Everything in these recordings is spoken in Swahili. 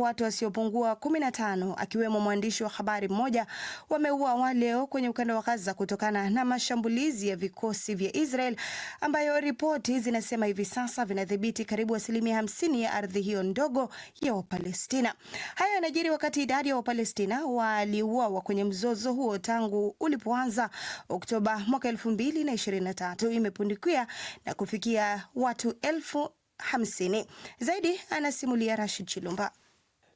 watu wasiopungua 15 akiwemo mwandishi wa habari mmoja wameuawa leo kwenye ukanda wa Gaza kutokana na mashambulizi ya vikosi vya Israel ambayo ripoti zinasema hivi sasa vinadhibiti karibu asilimia 50 ya ardhi hiyo ndogo ya Wapalestina. Hayo yanajiri wakati idadi ya Wapalestina waliuawa kwenye mzozo huo tangu ulipoanza Oktoba mwaka 2023 imepundikia na kufikia watu elfu hamsini. Zaidi anasimulia Rashid Chilumba.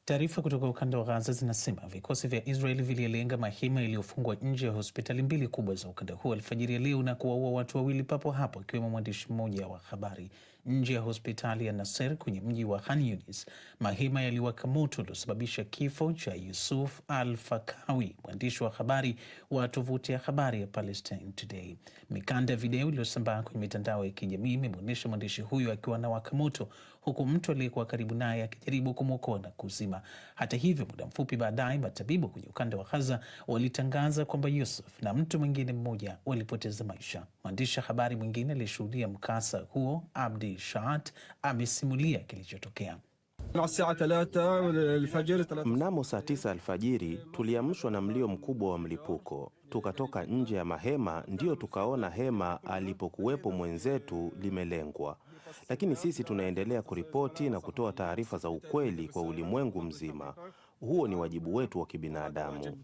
Taarifa kutoka ukanda wa Gaza zinasema vikosi vya Israel vililenga mahema yaliyofungwa nje ya hospitali mbili kubwa za ukanda huo alfajiri ya leo na kuwaua watu wawili papo hapo, akiwemo mwandishi mmoja wa habari nje ya hospitali ya Nasser kwenye mji wa Khan Yunis. Mahema yaliwaka moto uliosababisha kifo cha Yusuf Al Fakawi, mwandishi wa habari wa tovuti ya habari ya Palestine Today. Mikanda ya video iliyosambaa kwenye mitandao ya kijamii imemwonyesha mwandishi huyo akiwa anawaka moto, huku mtu aliyekuwa karibu naye akijaribu kumwokoa na kuzima mapema. Hata hivyo, muda mfupi baadaye matabibu kwenye ukanda wa Gaza walitangaza kwamba Yusuf na mtu mwingine mmoja walipoteza maisha. Mwandishi habari mwingine aliyeshuhudia mkasa huo, Abdi Shaat, amesimulia kilichotokea. Mnamo saa tisa alfajiri tuliamshwa na mlio mkubwa wa mlipuko, tukatoka nje ya mahema, ndiyo tukaona hema alipokuwepo mwenzetu limelengwa lakini sisi tunaendelea kuripoti na kutoa taarifa za ukweli kwa ulimwengu mzima. Huo ni wajibu wetu wa kibinadamu.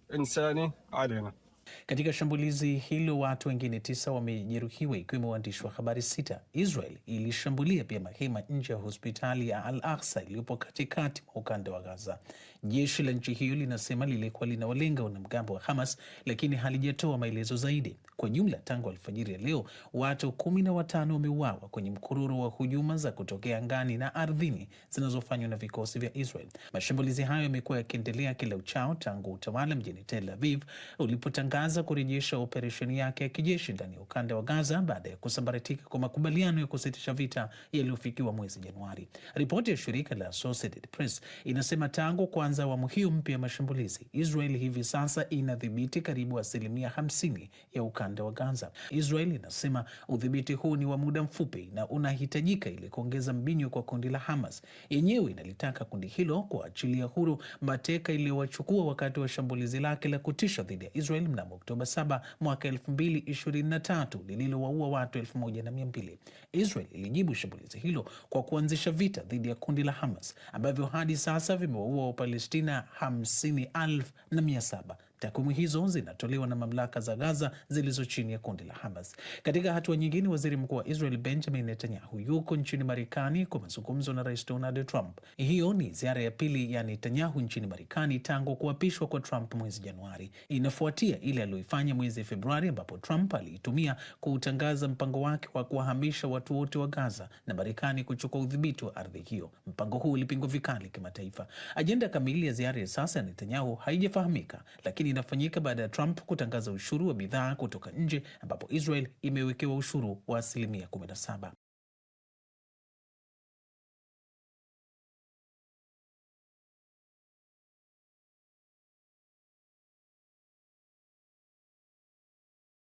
Katika shambulizi hilo watu wengine tisa wamejeruhiwa ikiwemo waandishi wa habari sita. Israel ilishambulia pia mahema nje ya hospitali ya Al Aksa iliyopo katikati mwa ukanda wa Gaza. Jeshi la nchi hiyo linasema lilikuwa linawalenga wanamgambo wa Hamas, lakini halijatoa maelezo zaidi. Kwa jumla, tangu alfajiri ya leo watu kumi na watano wameuawa kwenye mkururo wa hujuma za kutokea angani na ardhini zinazofanywa na vikosi vya Israel. Mashambulizi hayo yamekuwa yakiendelea kila uchao tangu utawala mjini Tel Aviv ulipotangaza imetangaza kurejesha operesheni yake ya kijeshi ndani ya ukanda wa Gaza baada ya kusambaratika kwa makubaliano ya kusitisha vita yaliyofikiwa mwezi Januari. Ripoti ya shirika la Associated Press inasema tangu kuanza awamu hiyo mpya ya mashambulizi, Israel hivi sasa inadhibiti karibu asilimia 50 ya ukanda wa Gaza. Israel inasema udhibiti huu ni wa muda mfupi na unahitajika ili kuongeza mbinyo kwa kundi la Hamas. Yenyewe inalitaka kundi hilo kuachilia huru mateka iliyowachukua wakati wa shambulizi lake la kutisha dhidi ya Israel mnamo Kiislamu Oktoba 7 mwaka 2023 lililowaua watu 1200. Israel ilijibu shambulizi hilo kwa kuanzisha vita dhidi ya kundi la Hamas ambavyo hadi sasa vimewaua Wapalestina 50,700 Takwimu hizo zinatolewa na mamlaka za Gaza zilizo chini ya kundi la Hamas. Katika hatua nyingine, waziri mkuu wa Israel Benjamin Netanyahu yuko nchini Marekani kwa mazungumzo na rais Donald Trump. Hiyo ni ziara ya pili ya Netanyahu nchini Marekani tangu kuapishwa kwa Trump mwezi Januari. Inafuatia ile aliyoifanya mwezi Februari, ambapo Trump aliitumia kuutangaza mpango wake wa kuwahamisha watu wote wa Gaza na Marekani kuchukua udhibiti wa ardhi hiyo. Mpango huu ulipingwa vikali kimataifa. Ajenda kamili ya ziara ya sasa ya Netanyahu haijafahamika, lakini linafanyika baada ya Trump kutangaza ushuru wa bidhaa kutoka nje ambapo Israel imewekewa ushuru wa asilimia 17.